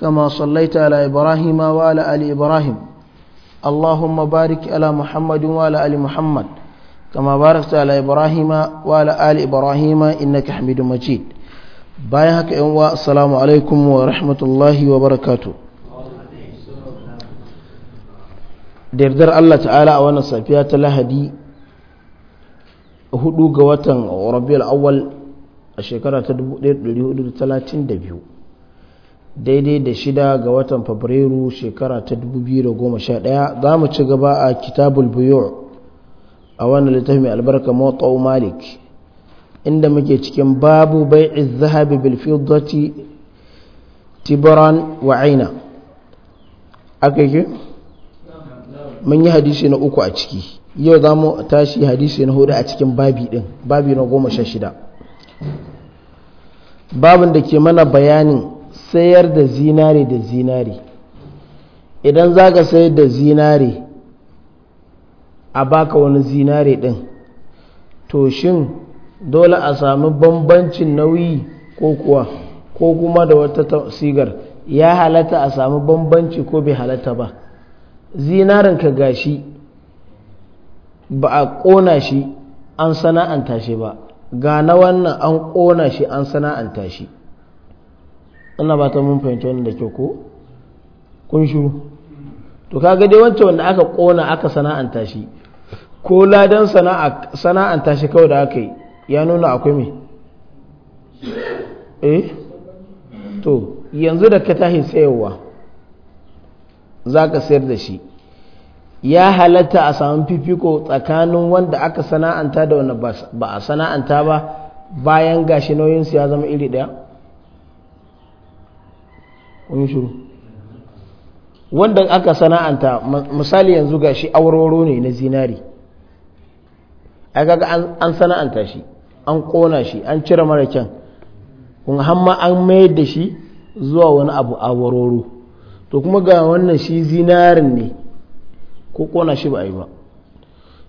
كما صليت على إبراهيم وعلى آل إبراهيم اللهم بارك على محمد وعلى آل محمد كما باركت على إبراهيم وعلى آل إبراهيم إنك حميد مجيد بايهك إنواء السلام عليكم ورحمة الله وبركاته دردر الله تعالى وانا سافيات لهدي hudu ga watan rabiul awwal a shekara ta 1432 daidai da shida ga watan fabrairu shekara ta 2011 za mu ci gaba a kitabul buyu a wannan littafi mai albarka mawata malik inda muke cikin babu bai'i zahabi bil fiddati wa aina aka yi mun yi hadisi na uku a ciki yau za mu tashi hadisi na hudu a cikin babi din babi na goma sha shida babin da ke mana bayanin sayar da zinare da zinare idan za ka sayar da zinare a baka wani zinare ɗin to shin dole a sami bambancin nauyi ko kuwa ko kuma da wata sigar ya halatta a sami bambanci ko bai halatta ba zinarin ka gashi ba a ƙona shi an sana'anta shi ba ga na wannan an ƙona shi an sana'anta shi ina ba ta mun fahimci wannan da kyau ko kun shiru to kaga dai wancan wanda aka kona aka sana'anta shi ko ladan sana'anta shi kawai da aka yi ya nuna akwai me eh to yanzu da ka tahi sayarwa za ka sayar da shi ya halatta a samun fifiko tsakanin wanda aka sana'anta da wanda ba a sana'anta ba bayan gashi nauyinsu ya zama iri ɗaya? wani shuru wanda aka sana'anta misali yanzu ga shi auroro ne na zinari a kaga an sana'anta shi an kona shi an cire mara kyan kun hamma an mayar da shi zuwa wani abu awaroro to kuma ga wannan shi zinarin ne ko kona shi ba a yi ba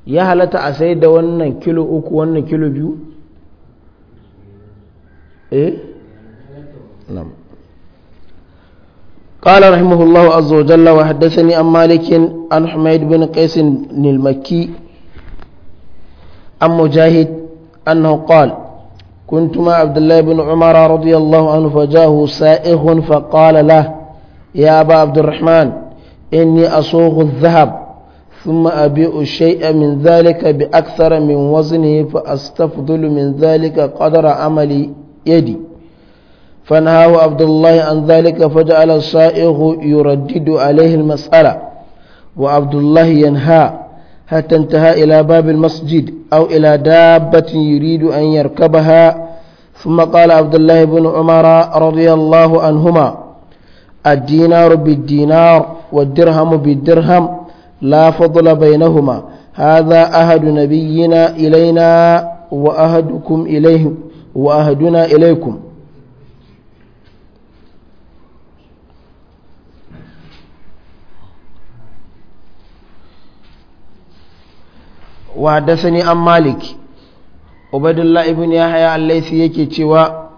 ya halatta a sai da wannan kilo uku wannan kilo biyu eh? قال رحمه الله عز وجل وحدثني عن مالك عن حميد بن قيس المكي عن مجاهد أنه قال كنت مع عبد الله بن عمر رضي الله عنه فجاءه سائغ فقال له يا أبا عبد الرحمن إني أصوغ الذهب ثم أبيع شيئا من ذلك بأكثر من وزنه فأستفضل من ذلك قدر عمل يدي فنهاه عبد الله عن ذلك فجعل الصائغ يردد عليه المسألة وعبد الله ينهى حتى انتهى إلى باب المسجد أو إلى دابة يريد أن يركبها ثم قال عبد الله بن عمر رضي الله عنهما الدينار بالدينار والدرهم بالدرهم لا فضل بينهما هذا أهد نبينا إلينا وأهدكم إليه وأهدنا إليكم وحدثني an malik ubadullah ibn ابن يحيى الليثي yake cewa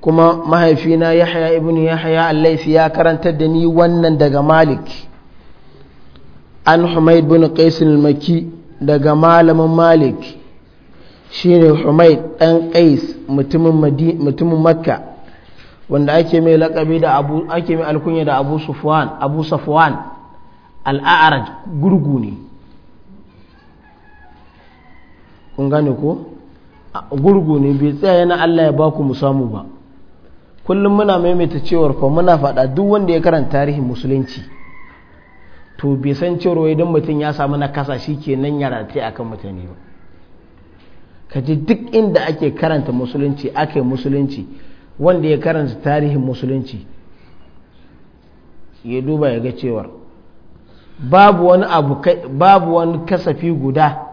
kuma mahaifina Yahya ibn Yahya al-Laythi ya karanta da ni wannan daga Malik an Humayd bin Qais al-Makki daga malamin Malik shine Humayd dan Qais mutumin mutumin Makka wanda ake mai lakabi da Abu ake mai alkunya da Abu Sufwan Abu Safwan al-A'raj gurgu ne kun gane ko gurgu ne bai tsaya na Allah ya baku mu samu ba kullum muna maimaita cewar fa muna faɗa duk wanda ya karanta tarihin musulunci to bai san cewar idan mutum ya samu na kasa kenan ya rataye akan mutane ba ka ji duk inda ake karanta musulunci ake musulunci wanda ya karanta tarihin musulunci ya duba ya ga cewar babu wani abu babu wani kasafi guda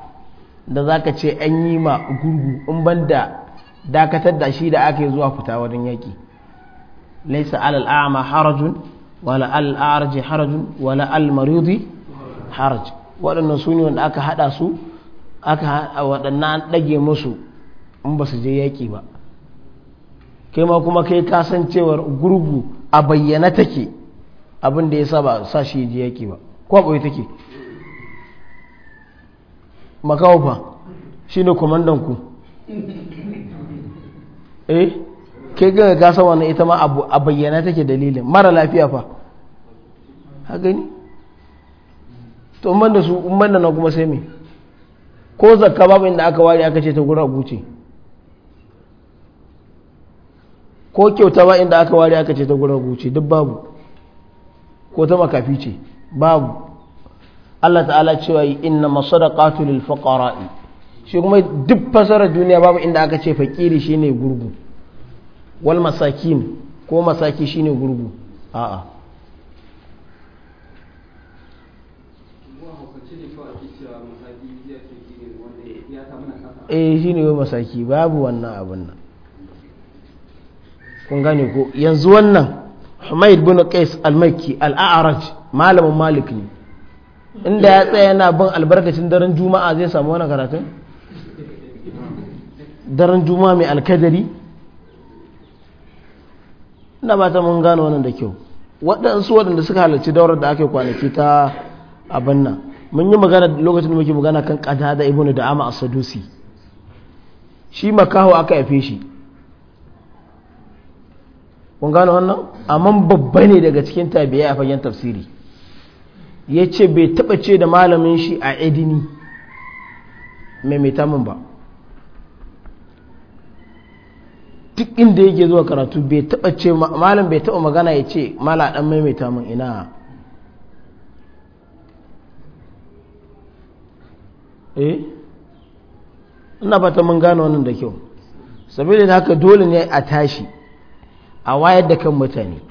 da za ka ce an yi ma gurgu in ban da dakatar da shi da aka yi zuwa fita wurin yaƙi laisa alal a'ma harajun wala al arji harajun wala al maridi haraj waɗannan su ne wanda aka haɗa su aka waɗannan an ɗage musu in ba su je yaƙi ba kai ma kuma kai kasancewar gurgu a bayyana take abin da ya sa ba sa shi je yaƙi ba ko ɓoye take makawafa shi ne kwamandanku eh ke ga gasa wannan ita ma a bayyana take dalilin mara lafiya fa ha gani to umman da su umman da na kuma sai me ko zakka babu inda aka ware aka ce ta gura guce ko kyauta ba inda aka ware aka ce ta gura guce duk babu ko ta makafi ce babu Allah ta'ala cewa inna masadaqatu lil fuqara'i shi kuma duk fasarar duniya babu inda aka ce fakiri shine gurgu wal masakin ko masaki shine gurgu a'a eh shine wai masaki babu wannan abin nan kun gane ko yanzu wannan Humayd bin Qais al-Makki al-A'raj malamin Malik ne inda ya tsaya yana bin albarkacin daren juma'a zai samu wani karatun daren juma'a mai alkadari ina ba ta mun gano wannan da kyau waɗansu waɗanda suka halarci daurar da ake kwanaki ta abin nan mun yi magana lokacin da muke magana kan ƙada da ibnu da ama sadusi shi makaho aka haife shi kun gano wannan amma babba ne daga cikin tabiya a fagen tafsiri ya ce bai taɓa ce da malamin shi a edini maimaita min ba duk inda yake zuwa karatu bai taɓa ce malam bai taɓa magana ya ce mala ɗan maimaita min ina eh ina fata mun gano wannan da kyau saboda haka dole ne a tashi a wayar da kan mutane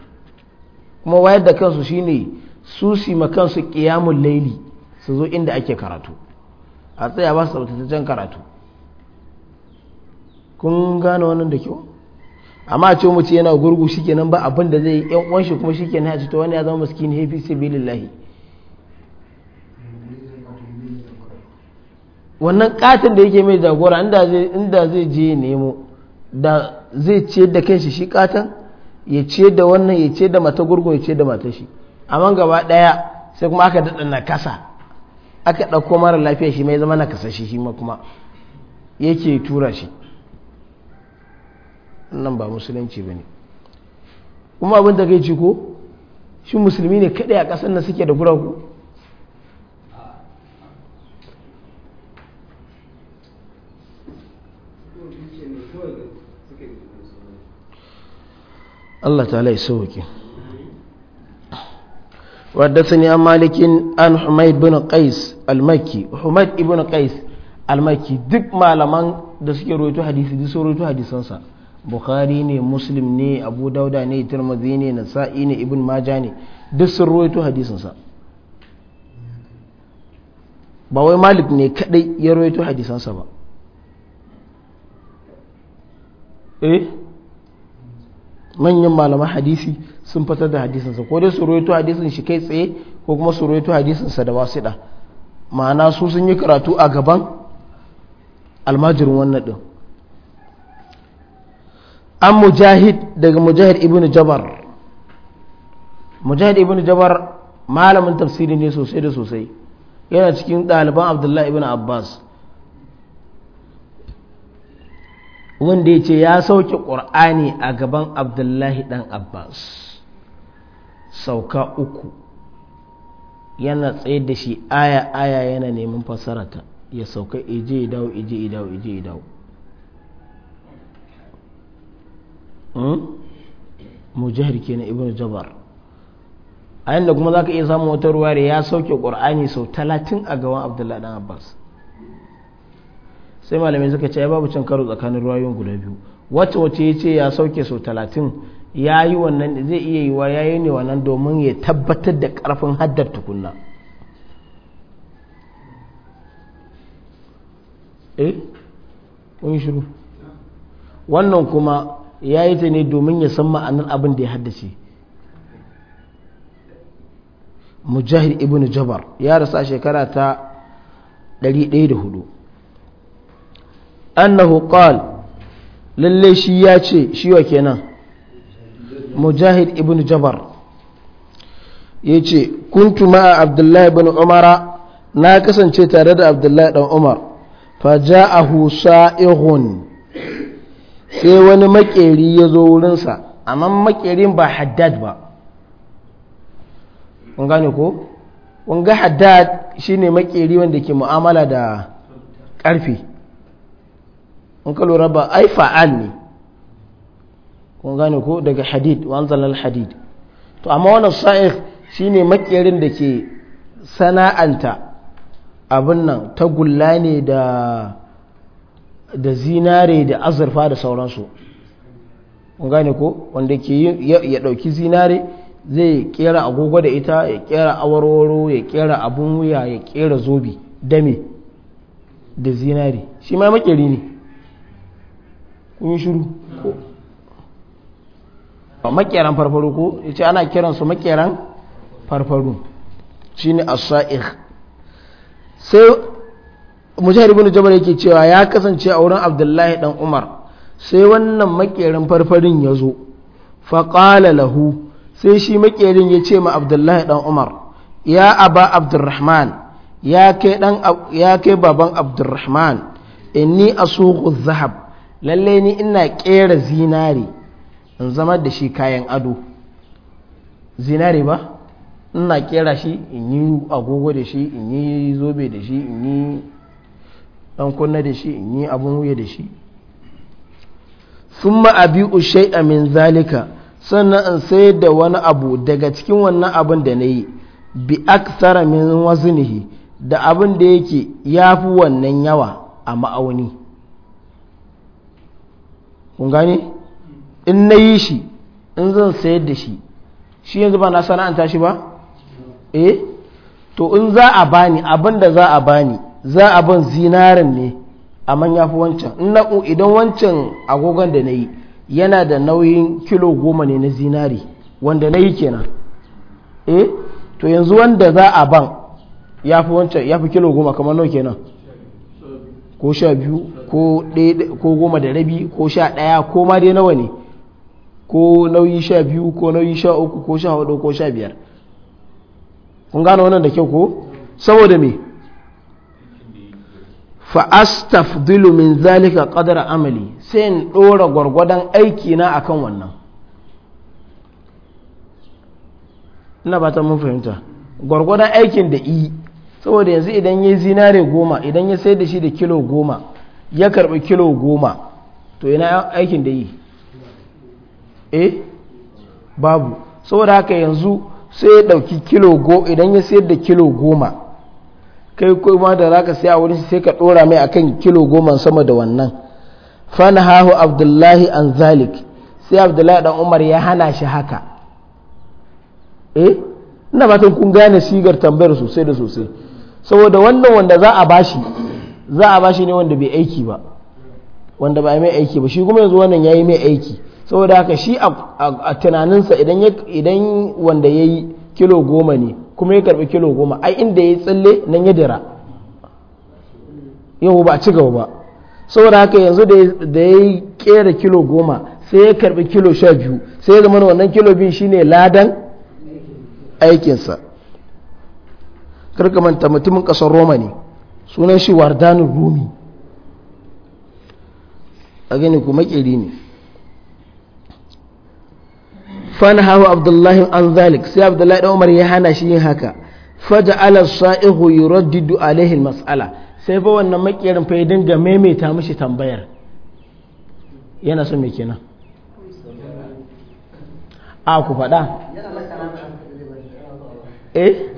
kuma wayar da kansu shine su si makansu ƙiyamun laili su zo inda ake karatu a tsaya ba su tsaftataccen karatu kun gane wannan da kyau amma ce mu ce yana gurgu shikenan ba abin da zai yan uwan shi kuma shikenan ya ce wani ya zama sai hafi lahi wannan katin da yake mai jagora inda zai je nemo da zai ce da kanshi shi katin ya ce da wannan ya ce da mata gurgun ya ce da mata shi amma gaba ɗaya sai kuma aka daɗa na kasa aka ɗauko mara lafiya shi mai zama na kasa shi shi kuma yake tura shi nan ba musulunci ba ne kuma abin da kai ci ko shi musulmi ne kaɗai a ƙasar nan suke da guragu Allah ta وحدثني عن مالك عن حميد بن قيس المكي حميد بن قيس المكي دك مالمان da suke roito hadisi duk sun roito hadisansa bukhari ne muslim ne abu dauda ne tirmidhi ne nasa'i ne ibn maja ne duk sun roito hadisansa ba wai malik ne kadai ya roito hadisansa ba eh manyan malaman hadisi sun fitar da hadisinsa ko dai su rawaito hadisin shi kai tsaye ko kuma su rawaito hadisinsa da wasiɗa ma'ana su sun yi karatu a gaban almajirin wannan din an mujahid daga mujahid ibn jabar mujahid ibn jabar malamin tafsiri ne sosai da sosai yana cikin ɗaliban abdullahi ibn abbas wanda ya ce ya sauke ƙur'ani a gaban abdullahi ɗan abbas sauka uku yana tsaye da shi aya aya yana neman fasarata ya sauka ije ya dawo ije ya dawo ije ya dawo ke hmm? kenan ibnu jabar a yadda kuma zaka iya samun wata ruwa da ya sauke qur'ani sau talatin a gaban abdullahi dan abbas sai malamai suka ce ya babu cin karo tsakanin ruwayoyin guda biyu wacce wacce ya ce ya sauke sau talatin ya yi wannan zai iya yi wa ya yi ne wannan domin ya tabbatar da karfin haddar tukunna eh wannan kuma ya yi ta ne domin ya san ma'anar abin da ya haddace mujahid ibn jabar ya rasa shekara ta 104 annahu qal lalle shi ya ce shi wa kenan mujahid ibn jabar ya ce kuntu ma'a abdullahi bin umara na kasance tare da abdullahi dan umar fa ja'ahu sa'ihun sai wani maƙeri ya zo wurinsa amma makerin ba haddad ba kun gane ko kun haddad shine maƙeri wanda ke mu'amala da ƙarfi in ka ba ai fa'al ne kun gane ko daga hadid wa hadid to amma wannan sa'ir shine makerin da ke sana'anta abin nan tagulla ne da zinare da azurfa da sauransu kun gane ko wanda ke ya dauki zinare zai kera agogo da ita ya kera awarwaro ya kera abun wuya ya kera zobi dame da zinare shi ma makeri ne kun yi shiru makeran farfaru ko yace ana kiransu makeran farfaru shine as-sa'ikh sai mujahid ibn jabal yake cewa ya kasance a wurin abdullahi dan umar sai wannan makerin farfarin ya zo faƙala lahu sai shi makerin ya ce ma abdullahi dan umar ya aba abdurrahman ya kai baban abdurrahman inni asuku zahab lallai ni ina ƙera zinari in zama da shi kayan ado zinari ba ina kera shi in yi agogo da shi in yi zobe da shi in yi dan kunna da shi in yi abun wuya da shi summa abi'u shay'a min zalika sannan in sayar da wani abu daga cikin wannan abin da na yi bi aksara min waznihi da abin da yake ya fi wannan yawa a ma'auni kun gane in na yi shi in zan sayar da shi shi yanzu ba na sana'anta shi ba eh to in za a bani abin da za a bani za a ban zinarin ne amma ya fi wancan idan wancan agogon da na yi yana da nauyin kilo goma ne na zinari wanda na yi kenan eh to yanzu wanda za a ban ya fi wancan ya fi kilo goma kamar nau kenan ko sha biyu ko goma da rabi ko sha ɗaya ko ma dai nawa ne ko nauyi sha biyu ko nauyi sha uku ko sha hudu ko sha biyar kun gane wannan da kyau ko saboda me fa astafdilu min zalika qadra amali sai in dora gwargwadon aiki na akan wannan ina ba ta mun fahimta gwargwadon aikin da i saboda yanzu idan ya zinare goma idan ya sai da shi da kilo goma ya karbi kilo goma to ina aikin da yi eh babu saboda haka yanzu sai ya ɗauki kilo go idan ya sayar da kilo goma kai ma da zaka ka sai a wurin sai ka ɗora mai akan kilo goma sama da wannan fana hahu abdullahi an zalik sai abdullahi dan umar ya hana shi haka eh ina fatan kun gane sigar tambayar sosai da sosai saboda wannan wanda za a bashi za a bashi ne wanda bai aiki ba wanda ba mai aiki ba shi kuma yanzu wannan yayi mai aiki saboda haka shi a tunaninsa idan wanda ya yi kilo goma ne kuma ya karbi kilo goma ai inda ya yi tsalle nan ya dira yau ba a ci gaba ba saboda haka yanzu da ya yi kera kilo goma sai ya karbi kilo sha biyu sai ya zama wannan kilo biyu shine ladan aikinsa karkamanta mutumin kasar roma ne sunan shi wardanin rumi a gani kuma kiri ne fanahahu abdullahi an zalik sai abdullahi dan umar ya hana shi yin haka faja'ala sa'ihu yuraddidu alaihi almas'ala sai fa wannan makiyarin fa ya dinga maimaita mishi tambayar yana son me kenan a ku faɗa eh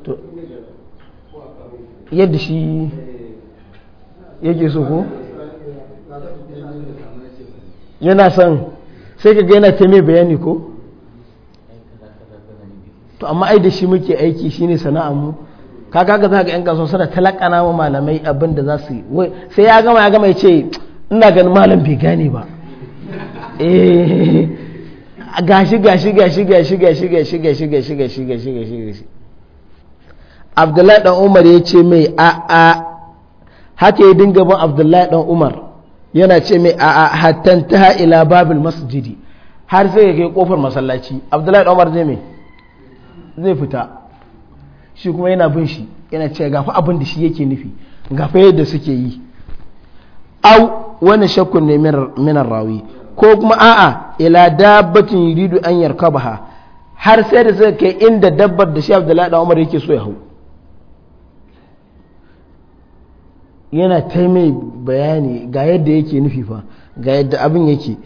to yadda shi yake so ko yana son sai ka gaina yana ta mai bayani ko to amma ai da shi muke aiki shine sana'a mu ka kaga za ga yan kasuwa suna talakana wa malamai abin da za su yi sai ya gama ya gama ya ce ina ganin malam bai gane ba eh gashi gashi gashi gashi gashi gashi gashi gashi gashi gashi gashi gashi Abdullahi dan Umar ya ce mai a a haka ya dinga bin Abdullahi dan Umar yana ce mai a hattan ta ila babil masjidi har sai ya kai kofar masallaci abdullahi umar zai mai zai fita shi kuma yana bin shi yana ce gafa abin da shi yake nufi gafa yadda suke yi au wani shakkun ne minar rawi ko kuma a'a ila dabbatin yuridu an yarkabaha har sai da suka kai inda dabbar da shi abdullahi umar yake so ya hau yana ta mai bayani ga yadda yake nufi fa ga yadda abin yake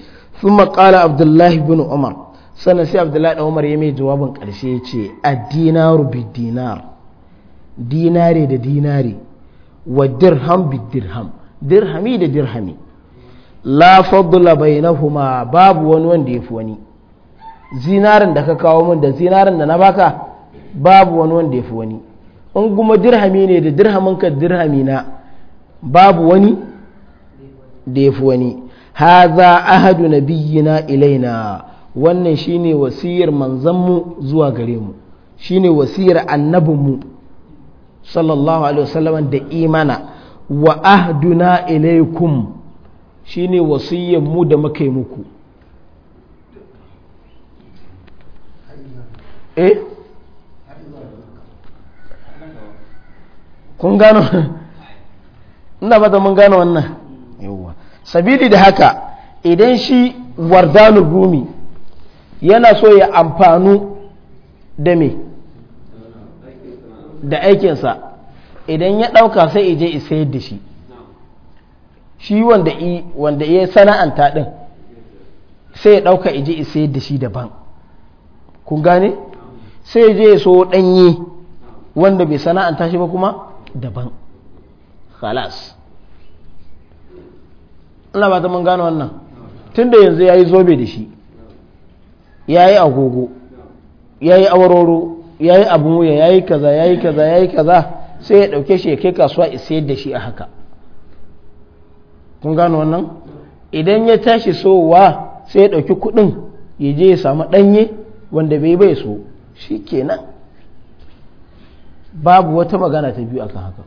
sun makala abdullahi bin umar sannan sai abdullahi bin umar ya mai jawabin ƙarshe ya ce a dinaru bi dinar dinare da dinare wa dirham bi dirham dirhami da dirhami la fadla bainahuma babu wani wanda ya fi wani zinarin da ka kawo min da zinarin da na baka babu wani wanda ya fi wani in kuma dirhami ne da dirhamin ka dirhami na babu wani da ya fi wani haza ahadu nabiyyina ilaina wannan shine wasiyar manzanmu zuwa gare mu shine wasiyar annabinmu sallallahu alaihi wasallam da imana wa ahduna ilaikum shine wasiyar mu da muka yi muku eh kun gano ina ba mun gane wannan yawwa sabili da haka idan shi wardanu rumi yana so ya amfanu da me da aikinsa idan ya ɗauka sai ije isa da shi shi wanda i wanda ya sana'anta ɗin sai ya ɗauka ije isa da shi daban kun gane sai je so ɗanye wanda bai sana'anta shi ba kuma daban khalas Allah ba ta mun gano wannan tunda yanzu yayi zobe da shi yayi agogo yayi awaroro yayi abun wuya yayi kaza yayi kaza yayi kaza sai ya dauke shi ya kai kasuwa ya sayar da shi a haka kun gano wannan idan ya tashi sowa sai ya dauki kudin ya je ya samu danye wanda bai bai so shikenan babu wata magana ta biyu akan haka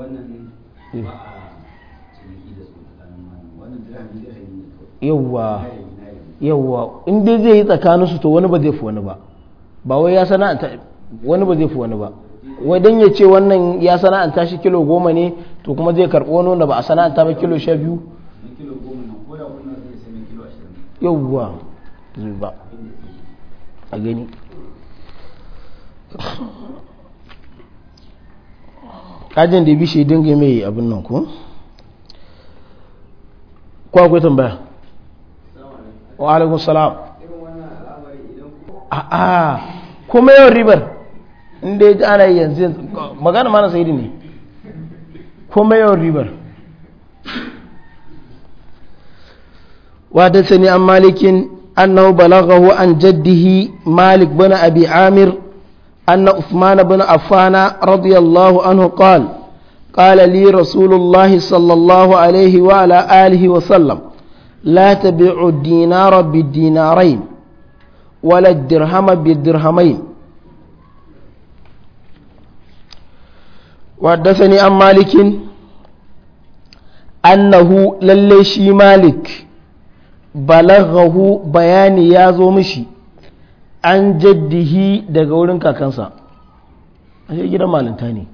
Eh. yawwa yawwa in dai zai yi tsakaninsu to wani ba zai fi wani ba ba wai ya sana'anta wani ba zai fi wani ba wai dan ya ce wannan ya sana'anta shi kilo goma ne to kuma zai karɓo wani wanda ba a sana'anta ba kilo sha biyu yawwa zai ba a gani kajin da bishe dinga mai abin nan ko ko akwai tambaya wa alaikun salam a a kuma yawan ribar inda ya ji ana yanzu magana mana sai ne kuma yawan ribar وحدثني an malikin annahu balagahu an jaddihi malik bana abi amir أن عثمان بن عفان رضي الله عنه قال قال لي رسول الله صلى الله عليه وعلى آله وسلم لا تبيع الدينار بالدينارين ولا الدرهم بالدرهمين وحدثني عن مالك أنه للشي مالك بلغه بياني يا زومشي an jaddihi daga wurin kakansa ashe gidan malinta ne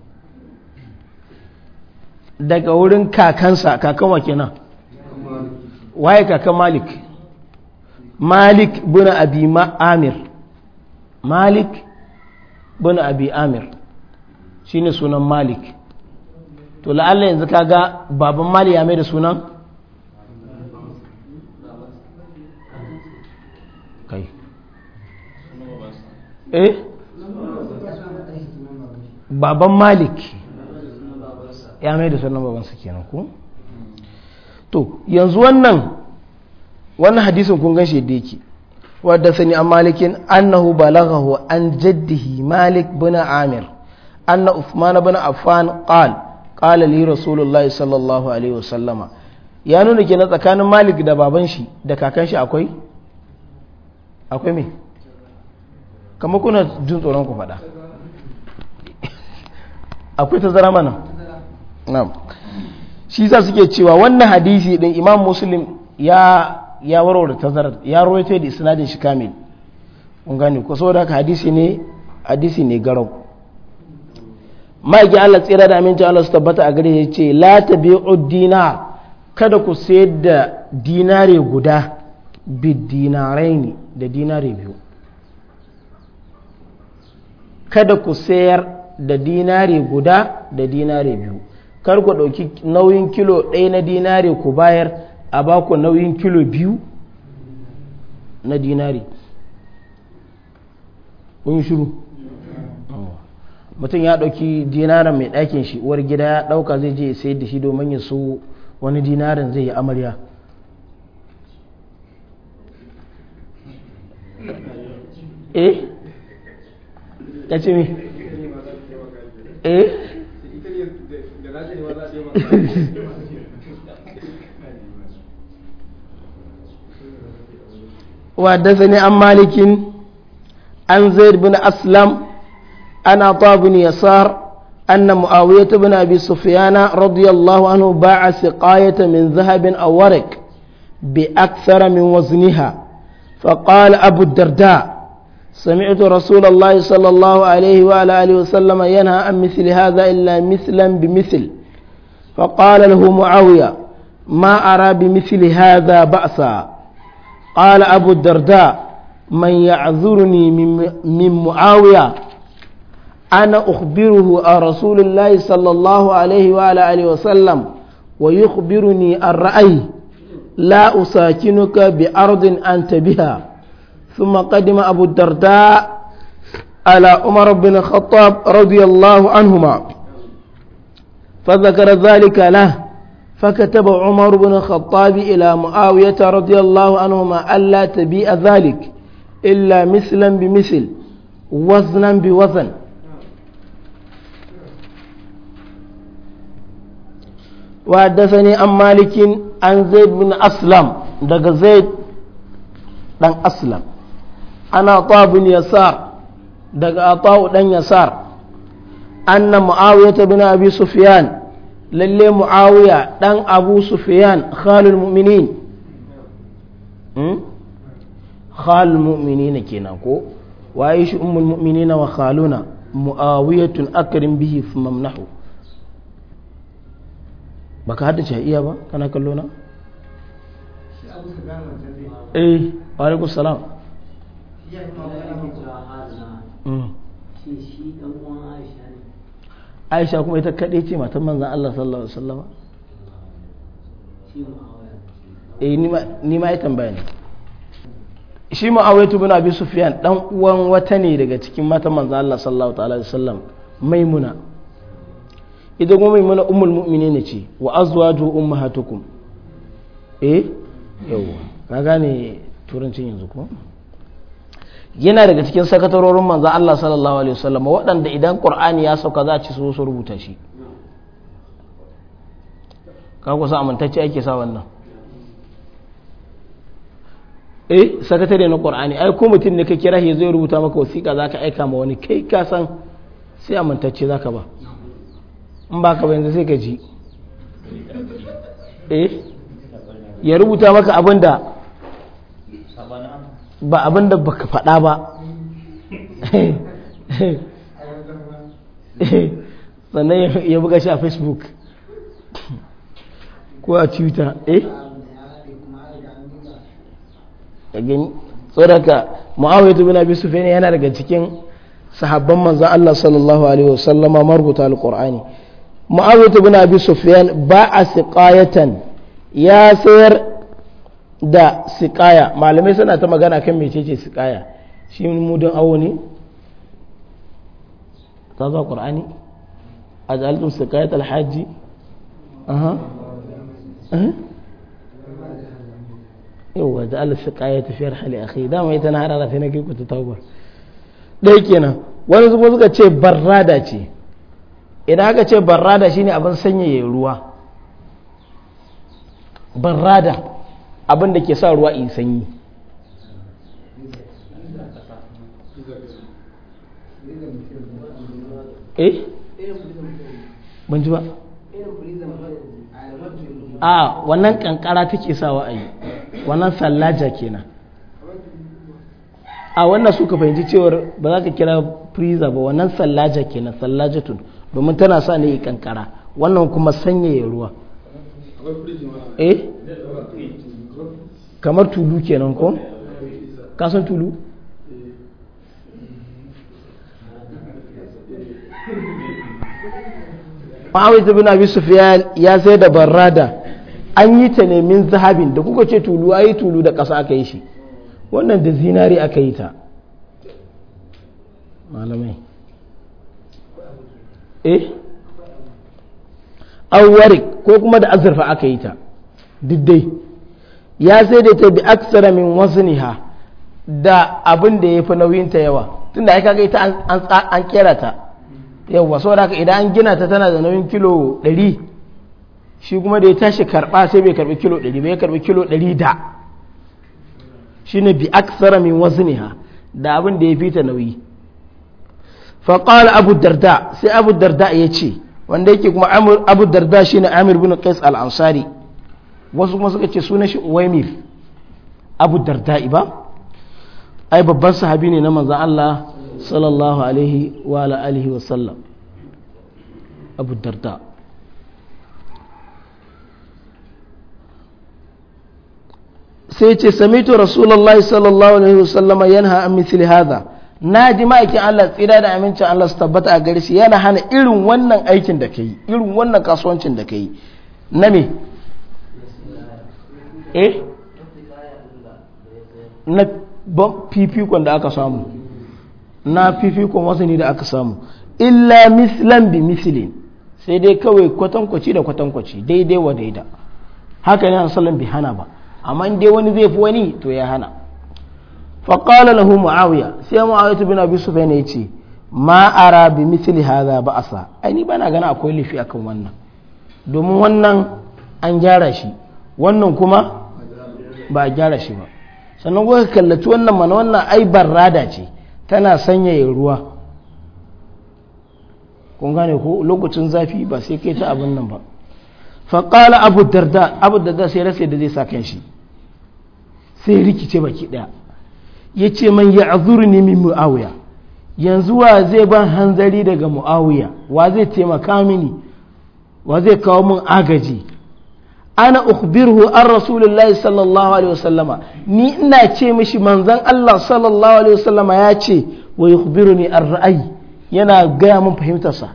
daga wurin kakansa kakan wa kenan waye kakan malik malik bin abi amir malik buna abi amir shine sunan malik to la'alla yanzu kaga baban mali ya mai da sunan eh baban malik ya mai da sunan babansa kenan ku? to yanzu wannan wannan hadisin kun gan shaidai yake wadda sani an malikin annahu balaghahu an jaddihi malik bin amir anna uthman bin affan qal qala li rasulullahi sallallahu alaihi wasallama ya nuna kenan tsakanin malik da baban shi da kakan shi akwai akwai me kamar kuna jin tsoron ku faɗa akwai ta zara mana na'am shi za suke cewa wannan hadisi din imam muslim ya ya warware zara ya rawaito da sinadin shi kamil kun gani ko saboda haka hadisi ne hadisi ne garau ma'aikin Allah tsira da aminci Allah su tabbata a gare ya ce la tabi'u dina kada ku sayar da dinare guda bid dinaraini da dinare biyu kada ku sayar da dinari guda da dinari biyu kar ku ɗauki nauyin kilo ɗaya na dinari ku bayar a ba ku nauyin kilo biyu na dinari kun shiru mutum ya ɗauki dinarin mai ɗakin shi uwar gida ya ɗauka zai je sai da shi domin ya so wani dinarin zai yi amarya eh ka ce me eh وحدثني عن مالك عن زيد بن أسلم عن عطاء بن يسار أن معاوية بن أبي سفيان رضي الله عنه باع سقاية من ذهب أو ورق بأكثر من وزنها فقال أبو الدرداء سمعت رسول الله صلى الله عليه وعلى آله وسلم ينهى عن مثل هذا إلا مثلا بمثل فقال له معاوية ما أرى بمثل هذا بأسا قال أبو الدرداء من يعذرني من معاوية أنا أخبره عن رسول الله صلى الله عليه وعلى آله وسلم ويخبرني عن رأيه لا أساكنك بأرض أنت بها ثم قدم أبو الدرداء على عمر بن الخطاب رضي الله عنهما فذكر ذلك له فكتب عمر بن الخطاب إلى معاوية رضي الله عنهما ألا تبيع ذلك إلا مثلا بمثل وزنا بوزن وحدثني عن مالك عن زيد بن أسلم دق زيد بن أسلم ana tabin yasar daga ata'u dan yasar anna mu'awiyah bin abi sufyan lalle mu'awiya dan abu sufyan khalul mu'minin hmm? khalul mu'minina kenan ko waye shi ummul mu'minina wa khaluna mu'awiyatun akrim bihi famnahu baka haddace iya ba kana kallo na eh wa alaikum salam Hmm. aisha kuma ita kaɗai ce matan manzan Allah sallallahu alaihi wasallam eh ni ma ya tambaya ne shi ma'awaitu bin abi sufiyan dan uwan wata ne daga cikin matan manzan Allah sallallahu alaihi wasallam maimuna idan kuma maimuna mu'mini ne ce wa azwaju ummahatukum eh yau ka gane turancin yanzu ko yana daga cikin sakatarorin manzan Allah sallallahu alaihi wasallam waɗanda idan ƙur'ani ya sauka za a ci su su rubuta shi kanku sa amintacce ake sa wannan eh sakatare na ƙur'ani ai ko mutum ne ka kira shi zai rubuta maka wasiƙa za ka aika ma wani kai ka san sai amintacce za ka ba in ba ka yanzu sai ka ji eh ya rubuta maka abin da ba abin da baka faɗa ba sannan ya buga shi a facebook ko a twitter eh gani tsoraka mu'awiyatu bin abi sufyan yana daga cikin sahabban manzan Allah sallallahu alaihi wasallama marbuta alqur'ani mu'awiyatu bin abi sufyan ba a siqayatan ya sayar da sikaya malamai suna ta magana kan mecece sikaya shi mudun awo ne ta zuwa ƙur'ani a jalitun siƙayat alhaji aha yauwa da ala siƙaya tafiyar hali akhi dama ita na harara sai na kai kuta taubar ɗaya kenan wani zuba suka ce barrada ce idan aka ce barrada shine abin sanyaya ruwa barrada abin da ke sa ruwa in sanyi eh ba a wannan kankara take ke sa wa'ayi, wannan sallaja kenan a wannan suka fahimci cewar ba za ka kira freezer ba wannan sallaja kenan sallajatun domin tana sa ne kankara wannan kuma sanyaya ruwa eh kamar tulu kenan ko kasan tulu Muawiz bin Abi Sufyan ya sai da barrada an yi ta nemin zahabin da kuka ce tulu ayi tulu da ƙasa aka yi shi wannan da zinari aka yi ta malamai eh awwarik ko kuma da azurfa aka yi ta diddai ya sai da ta bi aksara min niha da abin da ya fi nauyin ta yawa tun da ai kaga ita an kera ta yawa saboda haka idan an gina ta tana da nauyin kilo 100 shi kuma da ya tashi karba sai bai karbi kilo 100 bai karbi kilo 100 da shi ne bi aksara min niha da abin da ya fi ta nauyi فقال أبو الدرداء سي ya ce wanda وأن ديكي كما أبو الدرداء amir bin بن قيس الأنصاري wasu kuma suka ce sunan shi waimir abu darda'i ba ai babban sahabi ne na manzan Allah sallallahu alaihi wa alihi wa sallam abu darda sai ce samitu rasulullahi sallallahu alaihi wa sallama yanha an mithli hadha na ji ma'aikin Allah tsira da amincin Allah su tabbata a gare shi yana hana irin wannan aikin da ka yi irin wannan kasuwancin da ka yi na me eh na fifikon da aka samu na fifikon wasani da aka samu illa mislan bi mislin sai dai kawai kwatankwaci da kwatankwaci daidai wa daida haka ne sallan bi hana ba amma dai wani zai fi wani to ya hana faƙala lahu ma'awiya sai mu'awiya bina bisu sufyan ya ce ma ara bi misili haza ba asa ai ni bana gana akwai lifi akan wannan domin wannan an gyara shi wannan kuma ba a gyara shi ba sannan kuka kallaci wannan mana wannan ai barrada ce tana sanyaya ruwa kun gane ko lokacin zafi ba sai kai ta abin nan ba faƙala abu darda abu darda sai rasa da zai sa kan shi sai rikice baki ɗaya ya ce man ya azuru ne min mu'awiya yanzu wa zai ban hanzari daga mu'awuya wa zai taimaka mini wa zai kawo min agaji ana ukhbiruhu an rasulullahi sallallahu alaihi wasallama ni ina ce mishi manzon Allah sallallahu alaihi wasallama ya ce wa yukhbiruni an ra'ayi yana gaya min fahimtarsa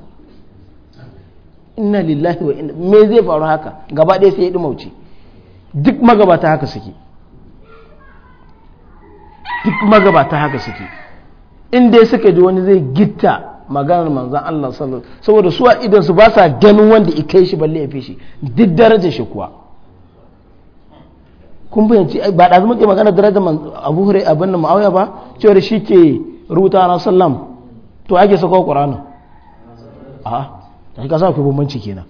inna lillahi wa inna me zai faru haka gaba ɗaya sai ya dumauce duk magabata haka suke duk magabata haka suke in dai suka ji wani zai gitta maganar manzan Allah sallallahu saboda su a idan su ba sa ganin wanda ya kai shi balle ya fi shi duk darajar shi kuwa kun ci ba da ke magana darajar Abu Hurai abin nan Muawiya ba cewa shi ke rubuta na sallam to ake sako Qur'ani a ta ka sa ku bambanci kenan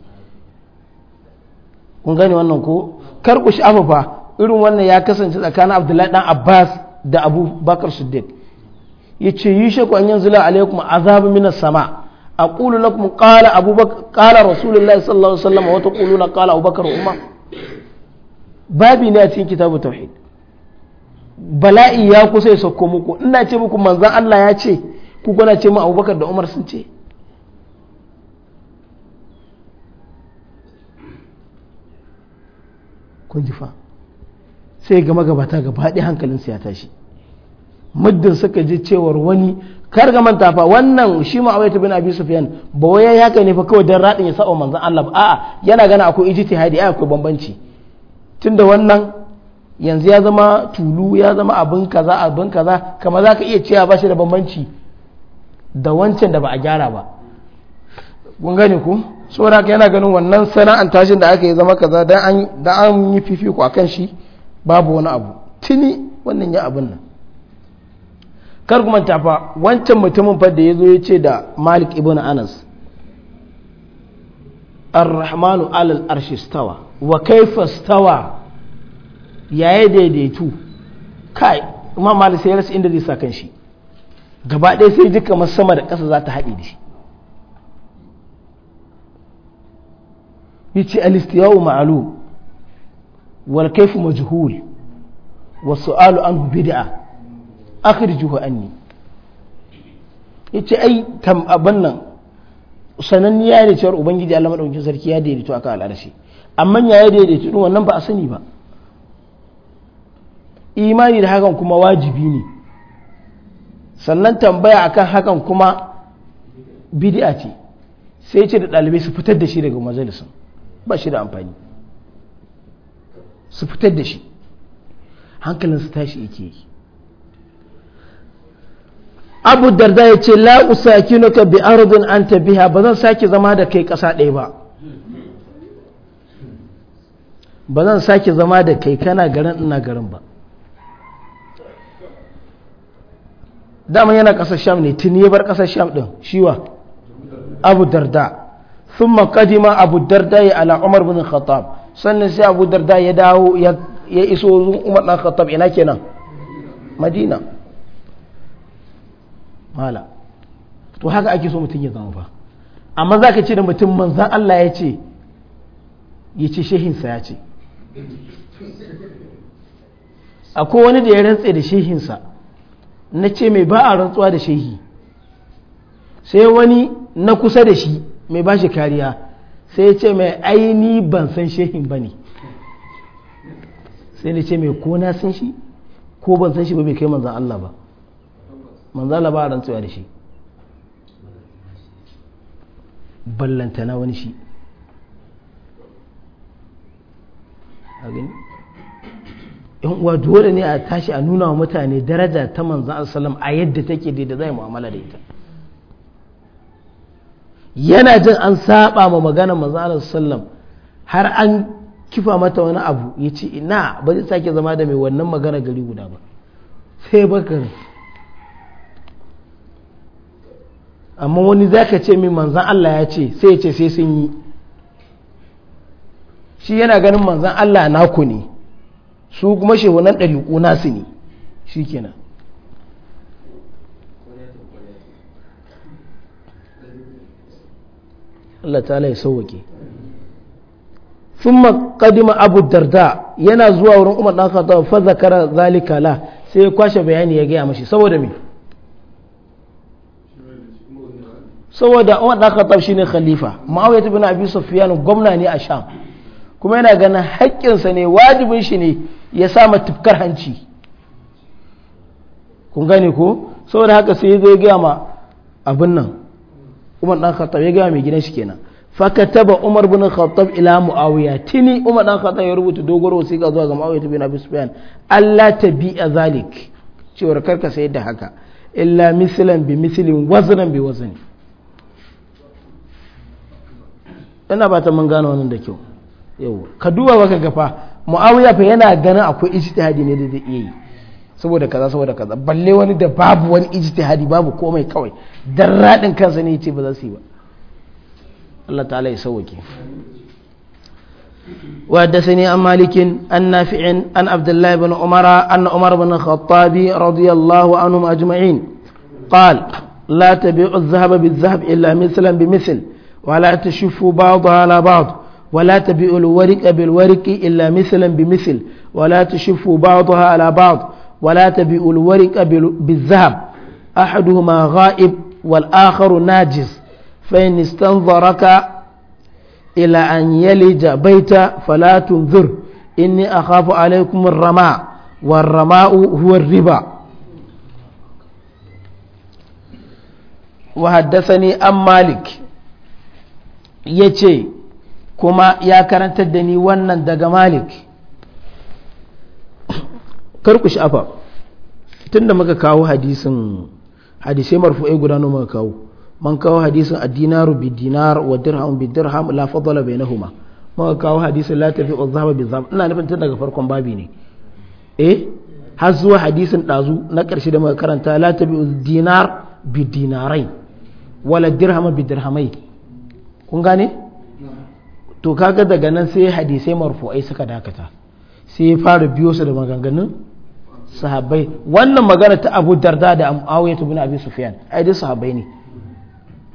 kun gane wannan ko kar ku afa fa irin wannan ya kasance tsakanin Abdullahi dan Abbas da Abu Bakar Siddiq yace yushaku an yanzila alaikum azabun minas sama aqulu lakum qala abubakar qala rasulullahi sallallahu alaihi wasallam wa taquluna qala abubakar umma babi ne a cikin kitabu tauhid bala'i ya kusa ya sauko muku ina ce muku manzan Allah ya ce ku kuna ce mu abubakar da umar sun ce kun ji fa sai gama gabata gaba ɗaya hankalinsa ya tashi muddin suka ji cewar wani karga manta fa wannan shi ma'awai bin abi sufyan ba wai ya haka ne fa kawai dan radin ya saba manzon Allah ba a'a yana gana akwai ijtihadi ai akwai bambanci tunda wannan yanzu ya zama tulu ya zama abin kaza abin kaza kamar zaka iya cewa ba shi da bambanci da wancan da ba a gyara ba kun gane ku saboda yana ganin wannan sana'an tashin da aka yi zama kaza dan an yi fifiko akan shi babu wani abu tuni wannan ya abin nan kar kuma tafa wancan mutumin fa da yazo yace da Malik ibn Anas Ar-Rahmanu alal arshi stawa wa kaifa stawa yayi daidaitu kai Imam Malik sai ya rasa inda zai sa kan shi gaba ɗaya sai ji kamar sama da ƙasa za ta haɗe da shi yace al-istiyawu ma'lum wal kaifu majhul wa su'alu anhu bid'ah akhrijuhu anni yace ai tam abin nan sananniya ne cewar ubangiji Allah madaukakin sarki ya daidaito akan al'arshi amma ya ya daidaito din wannan ba a sani ba imani da hakan kuma wajibi ne sannan tambaya akan hakan kuma bid'a ce sai ce da ɗalibai su fitar da shi daga majalisin ba shi da amfani su fitar da shi hankalin su tashi yake yi abu darda ya ce la usakinuka bi ardin anta biha ba zan sake zama da kai ƙasa ɗaya ba ba zan sake zama da kai kana garin ina garin ba Dama yana ƙasa sham ne tuni ya bar ƙasar sham ɗin shiwa abu darda sun makadima abu darda ya ala umar bin khattab sannan sai abu darda ya dawo ya iso umar ɗan khattab ina kenan madina mala to haka ake so mutum ya zama fa amma za ka ce da mutum manzan Allah ya ce ya ce shehinsa ya ce akwai wani da ya rantse da shehinsa na ce mai ba a rantsuwa da shehi sai wani na kusa da shi mai ba shi kariya sai ya ce mai aini ban san shehin ba ne sai na ce mai ko na san shi ko ban san shi ba bai kai manzan Allah ba manzala ba rantsuwa da shi na wani shi a gani yan uwa dole ne a tashi a nuna wa mutane daraja ta manzan asalam a yadda take da zai mu'amala da ita yana jin an saba ma maganar manzan asalam har an kifa mata wani abu ya ce ina ba zai sake zama da mai wannan magana gari guda ba sai bakar amma wani za ka ce min manzan Allah ya ce sai ya ce sai sun yi shi yana ganin manzan Allah naku ne su kuma shehunan ɗariƙo nasu ne shi kenan Allah ta ya sauwake ثم قدم abu darda yana zuwa wurin umar dan khattab fa zakara zalika la sai ya kwashe bayani ya gaya mashi saboda saboda Umar dan Khattab shine khalifa Muawiya ibn Abi Sufyan gwamna ne a Sham kuma yana ganin sa ne wajibin shi ne ya sa tufkar hanci kun gane ko saboda haka sai ya gaya ma abin nan Umar dan Khattab ya gaya mai gidan shi kenan fakataba Umar bin Khattab ila Muawiya tini Umar dan Khattab ya rubuta dogoro wasiƙa zuwa ga Muawiya ibn Abi Sufyan alla tabi zalik cewar karka sai da haka illa mislan bi mislin wazanan bi wazni ina ba ta mun gane wannan da kyau yau ka duba baka gafa muawiya fa yana ganin akwai ijtihadi ne da zai iya yi saboda kaza saboda kaza balle wani da babu wani ijtihadi babu komai kawai dan radin kansa ne yace ba za su yi ba Allah ta'ala ya sauke وحدثني عن مالك عن نافع عن عبد الله بن عمر أن عمر بن الخطاب رضي الله عنهم أجمعين قال لا تبيع الذهب بالذهب إلا مثلا بمثل ولا تشفوا بعضها على بعض ولا تبيئوا الورق بالورق إلا مثلا بمثل ولا تشفوا بعضها على بعض ولا تبيئوا الورق بالذهب أحدهما غائب والآخر ناجز فإن استنظرك إلى أن يلج بيتا فلا تنذر إني أخاف عليكم الرماء والرماء هو الربا وحدثني أم مالك ya ce kuma ya karantar da ni wannan daga malik karku sha'afa tun da muka kawo hadisin hadisai marfu'ai guda nawa muka kawo man kawo hadisin addinaru bi dinar wa dirham bi dirham la fadala huma muka kawo hadisin la tafi zaba bi zaba ina nufin tun daga farkon babi ne eh har zuwa hadisin dazu na karshe da muka karanta la tafi dinar bi dinarai wala dirham bi dirhamai kun gane to kaga daga nan sai hadisai marfu'ai suka dakata sai ya fara biyo su da maganganun sahabbai wannan magana ta Abu Darda da Muawiya ibn Abi Sufyan ai dai sahabbai ne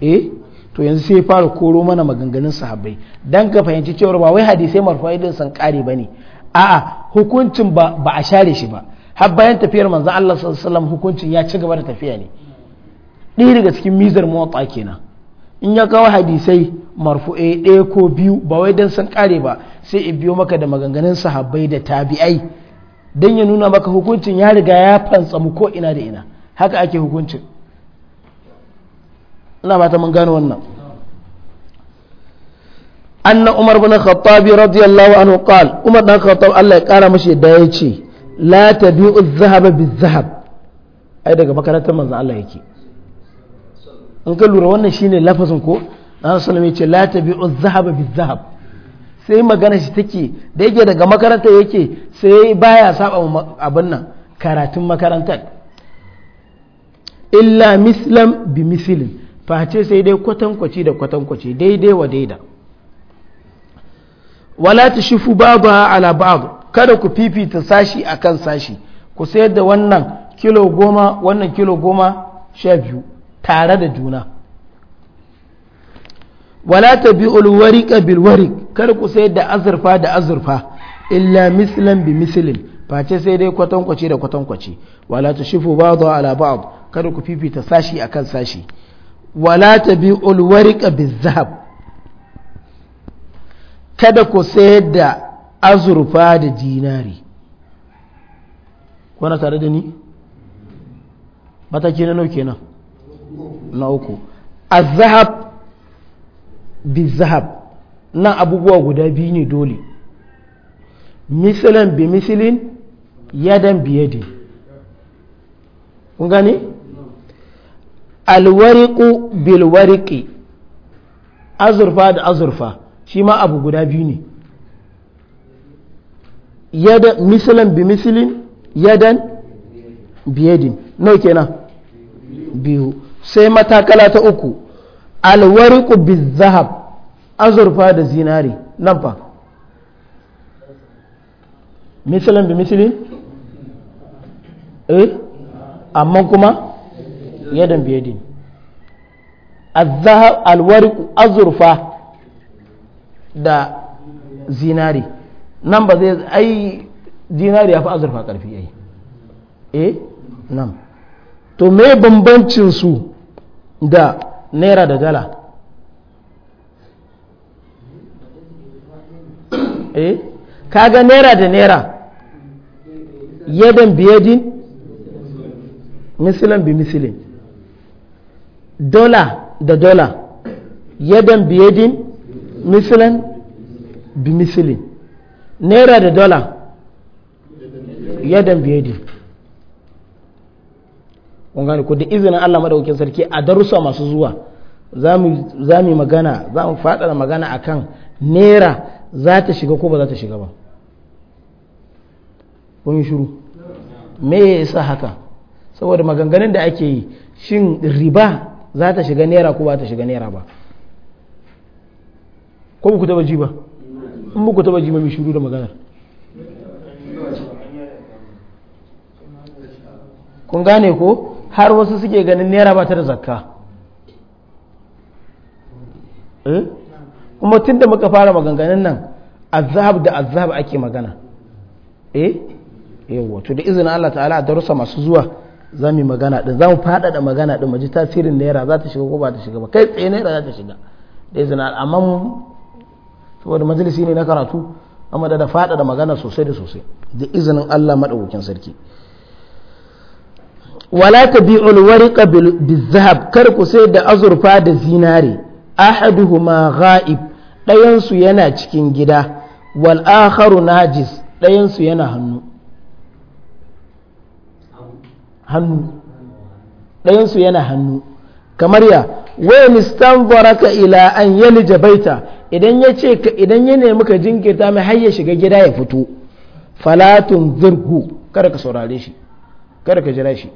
eh to yanzu sai ya fara koro mana maganganun sahabbai dan ka fahimci cewa ba wai hadisai marfu'ai din san kare ba ne. a'a hukuncin ba a share shi ba har bayan tafiyar manzo Allah sallallahu hukuncin ya ci gaba da tafiya ne ɗaya daga cikin mizar mawaƙa kenan in ya kawo hadisai marfu'e ɗaya ko biyu ba wai don san ƙare ba sai in biyo maka da maganganun sahabbai da tabi'ai don ya nuna maka hukuncin ya riga ya fantsamu ko ina da ina haka ake hukuncin ina ba ta mun gano wannan anna umar bin khattabi radiyallahu anhu qal umar dan khattab Allah ya kara mashi da yace ce la tabi'u adh-dhahaba bizahab ai daga makarantar manzon Allah yake in ka lura wannan shine lafazin ko an salama ce la ta bi'u zahaba bi zahab sai magana shi take da yake daga makaranta yake sai baya saba abin nan karatun makarantar illa mislam bi misilin face sai dai kwatankwaci da kwatankwaci daidai wa daida wala ta shifu babu ala babu kada ku fifita sashi akan sashi ku sayar da wannan kilo goma wannan kilo goma sha biyu tare da juna wala tabi'ul wariqa bil wariq kar ku sayar da azurfa da azurfa illa mislan bi mislin face sai dai kwatankwaci da kwatankwace wala tushifu ba'dhu ala ba'd kada ku fifita sashi akan sashi wala tabi'ul wariqa biz zahab kada ku sayar da azurfa da dinari bizahab na abubuwa guda biyu ne dole misalin bi misalin yadan biyadi kun gani alwariku bilwariki azurfa da azurfa shi ma abu guda biyu ne yada misilin bi misalin yadan biyadin nau kenan biyu sai matakala ta uku alwariku bizahab azurfa da zinari nan fa misalin bi misalin eh amma kuma yadan biyadin alwari alwariku azurfa da zinari nan ba zai ai zinari ya fi azurfa karfi ai eh nan to me bambancin su da naira da dala eh kaga naira da naira yadan biyadin misilan bi misilin dola da dola yadan biyadin misilin bi misilin naira da dola yadan biyadin kun gane ko da izinin Allah madaukakin sarki a darussa masu zuwa za mu magana za mu magana akan naira za ta shiga ko ba za ta shiga ba kun yi shiru me yasa haka saboda maganganun da ake yi shin riba za ta shiga naira ko ba ta shiga naira ba ko ku taba ji ba in ku taba ji mai shiru da maganar kun gane ko har wasu suke ganin naira ba ta da zakka eh? kuma tun da muka fara maganganun nan azab da azab ake magana eh wato to da izinin Allah ta'ala da rusa masu zuwa za mu magana din za mu faɗaɗa magana din mu ji tasirin naira za ta shiga ko ba ta shiga ba kai tsaye naira za ta shiga da izinin Allah amma saboda majalisi ne na karatu amma da faɗaɗa magana sosai da sosai da izinin Allah madaukakin sarki wala tabi'ul wariqa bizahab kar ku sai da azurfa da zinare ahaduhuma ghaib ɗayan su yana cikin gida wal akharu najis ɗayan su yana hannu hannu su yana hannu kamar ya wai baraka ila an yalija baita idan ya idan ya nemi ka jinkirta mai har ya shiga gida ya fito falatun zirgu kada ka saurare shi kada ka jira shi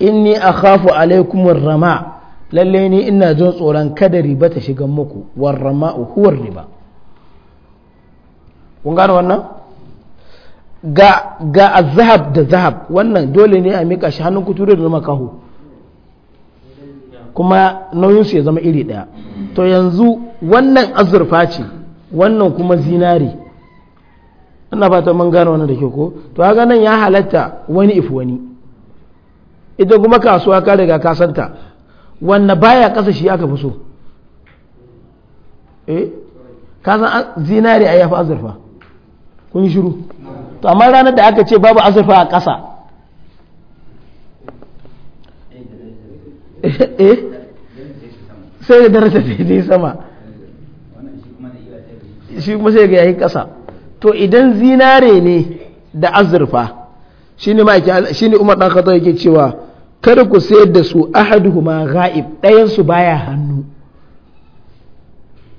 inni a khafu alaikum rama lallai ni ina jin tsoron kada riba ta shiga muku warrama uhuwar riba kun gano wannan ga ga azhab da zahab wannan dole ne a mika shi hannun kuturu da makahu kuma nauyin su ya zama iri daya to yanzu wannan azurfa ce wannan kuma zinari ina fata mun gano wannan da ke ko to haka nan ya halatta wani if wani ita kuma kasuwa ka riga kasanta, wanda baya kasa shi aka fi so eh kasan zinari a yafi azurfa kun yi shiru to amma ranar da aka ce babu azurfa a ƙasa eh sai da darasa ta yi sama shi kuma sai ga yayi kasa to idan zinare ne da azurfa shine ma shine Umar dan Khattab yake cewa kada ku sayar da su ahaduhuma ga'ib ɗayan su baya hannu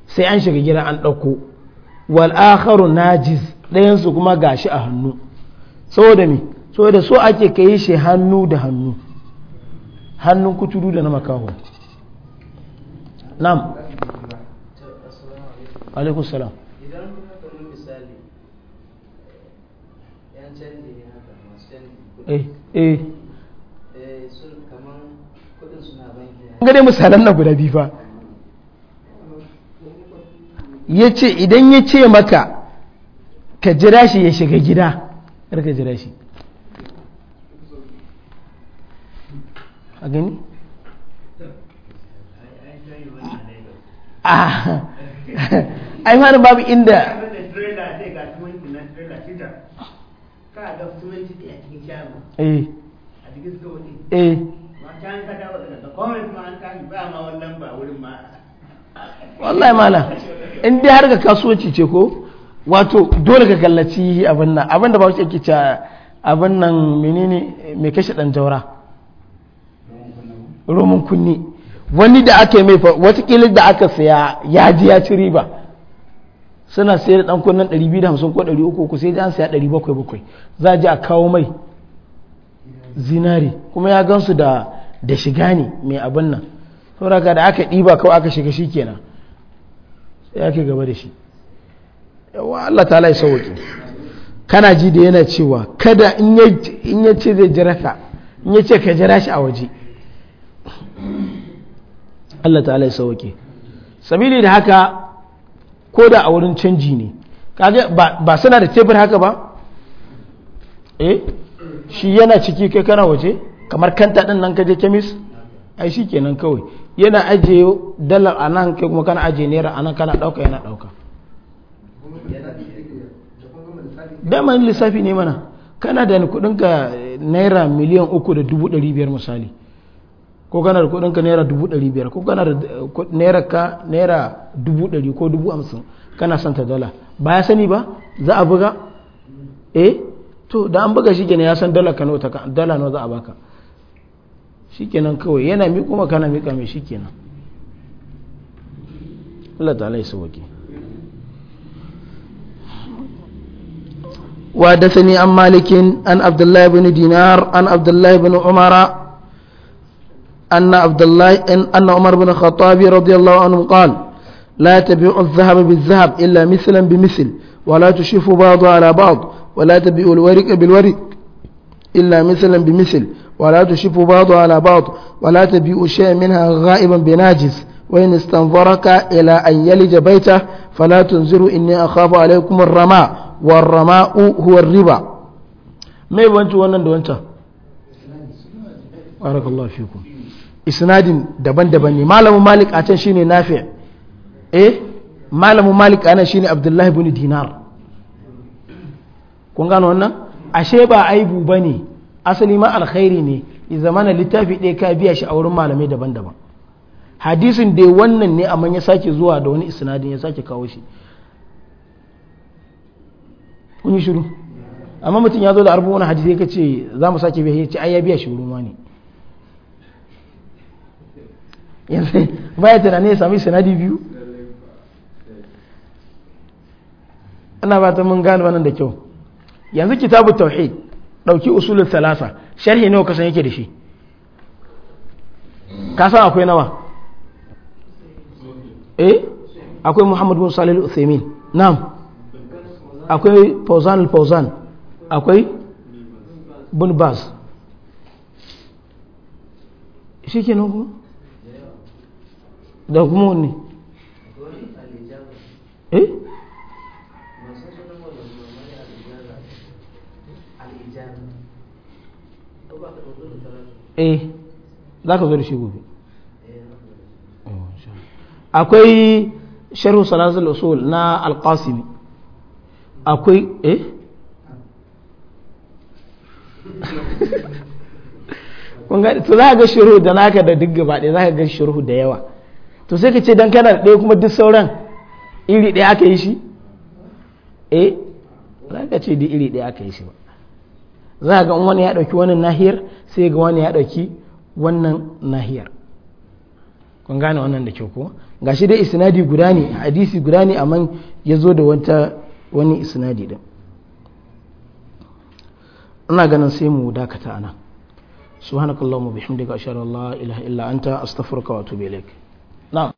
sai an shiga gida an ɗauko wal akharu najis ɗayan su kuma gashi a hannu saboda me saboda so ake kai shi hannu da hannu hannun kuturu da na makaho nam alaikun salam idan misali eh, yan ne masu eh eh ga dai misalan na guda biyu fa yace idan yace maka ka jira shi ya shiga gida ka jira shi a gani? Ah. ai ma babu inda eh eh wallahi mala in dai har ga kasuwanci ce ko wato dole ka kallaci abin nan abin da ba wuce yake abin nan menene mai kashe dan jaura roman kunni wani da aka yi mai kila da aka saya ya ji ya ci riba suna sayar da dan kunnan 250 ko 300 ko sai an saya 700 za a ji a kawo mai zinari kuma ya gansu da da shiga ne mai abin nan sauraka da aka ɗiba kawai aka shiga shi kenan sai ake gaba da shi yawa Allah ta lai sauƙi kana ji da yana cewa kada in ya ce zai jira ka in ya ce ka jira shi a waje Allah ta lai sauƙi sabili da haka ko da a wurin canji ne ba suna da tebur haka ba eh shi yana ciki kai kana waje kamar kanta din nan ka je kemis ai shi kenan kawai yana ajiye dalar a nan kai kuma kana ajiye naira a nan kana ɗauka yana ɗauka daman lissafi ne mana kana da kuɗin ka naira miliyan uku da dubu ɗari biyar misali ko kana da kuɗin ka naira dubu ɗari biyar ko kana da naira ka naira dubu ɗari ko dubu hamsin kana son ta dala ba ya sani ba za a buga eh to da an buga shi kenan ya san dala ka ka dala nawa za a baka shikenan kawai yana mi kuma kana miƙa mai shikenan Allah ta'ala ya sauke wa da sani an malikin an abdullahi دينار dinar an abdullahi بن umara أن عبد الله أن عمر بن الخطاب رضي الله عنه قال لا تبيع الذهب بالذهب إلا مثلا بمثل ولا تشف بعض على بعض ولا تبيع الورق بالورق إلا مثلا بمثل ولا تشف بعضها على بعض ولا تبيء شيئا منها غائبا بناجس وإن استنظرك إلى أن يلج بيته فلا تنزروا إني أخاف عليكم الرماء والرماء هو الربا ما يبغى wannan da wancan barakallahu daban-daban ne malamin malik a can shine nafi eh malamin malik a nan shine abdullahi ibn dinar kun gano wannan ashe ba aibu bane asali ma alkhairi ne ya zamana littafi ɗaya ka biya shi a wurin malamai daban-daban hadisin dai wannan ne amma ya sake zuwa da wani isnadin ya sake kawo shi kun yi shiru amma mutum ya zo da arba wani hadisi ya kace za mu sake biya ce ai ya biya shi wurin wani yanzu baya tunani ya sami sanadi biyu ana ba ta mun gane wannan da kyau yanzu kitabu tauhid ɗauki usulul talasa sharhi nawa kasan yake da shi san akwai nawa eh akwai muhammad bin salih al-uthaymin na'am akwai fawzan al-fawzan akwai bin baz shi ke nan kuma da kuma wani eh eh za ka zo da shi gobe akwai sharhu salasul usul na alƙasimi akwai eh to za ka ga shiru da naka da duk gaba ɗaya za ka ga shiru da yawa to sai ka ce don kana da ɗaya kuma duk sauran iri ɗaya aka yi shi eh za ka ce duk iri ɗaya aka yi shi ba za ga wani ya ɗauki wannan nahiyar sai ga wani ya ɗauki wannan nahiyar kun gane wannan da kyau ko gashi dai isnadi guda ne hadisi guda ne amma ya zo da wata wani isnadi din ina ganin sai mu dakata ana subhanakallahumma bihamdika ashhadu an la ilaha illa anta astaghfiruka wa atubu ilaik na'am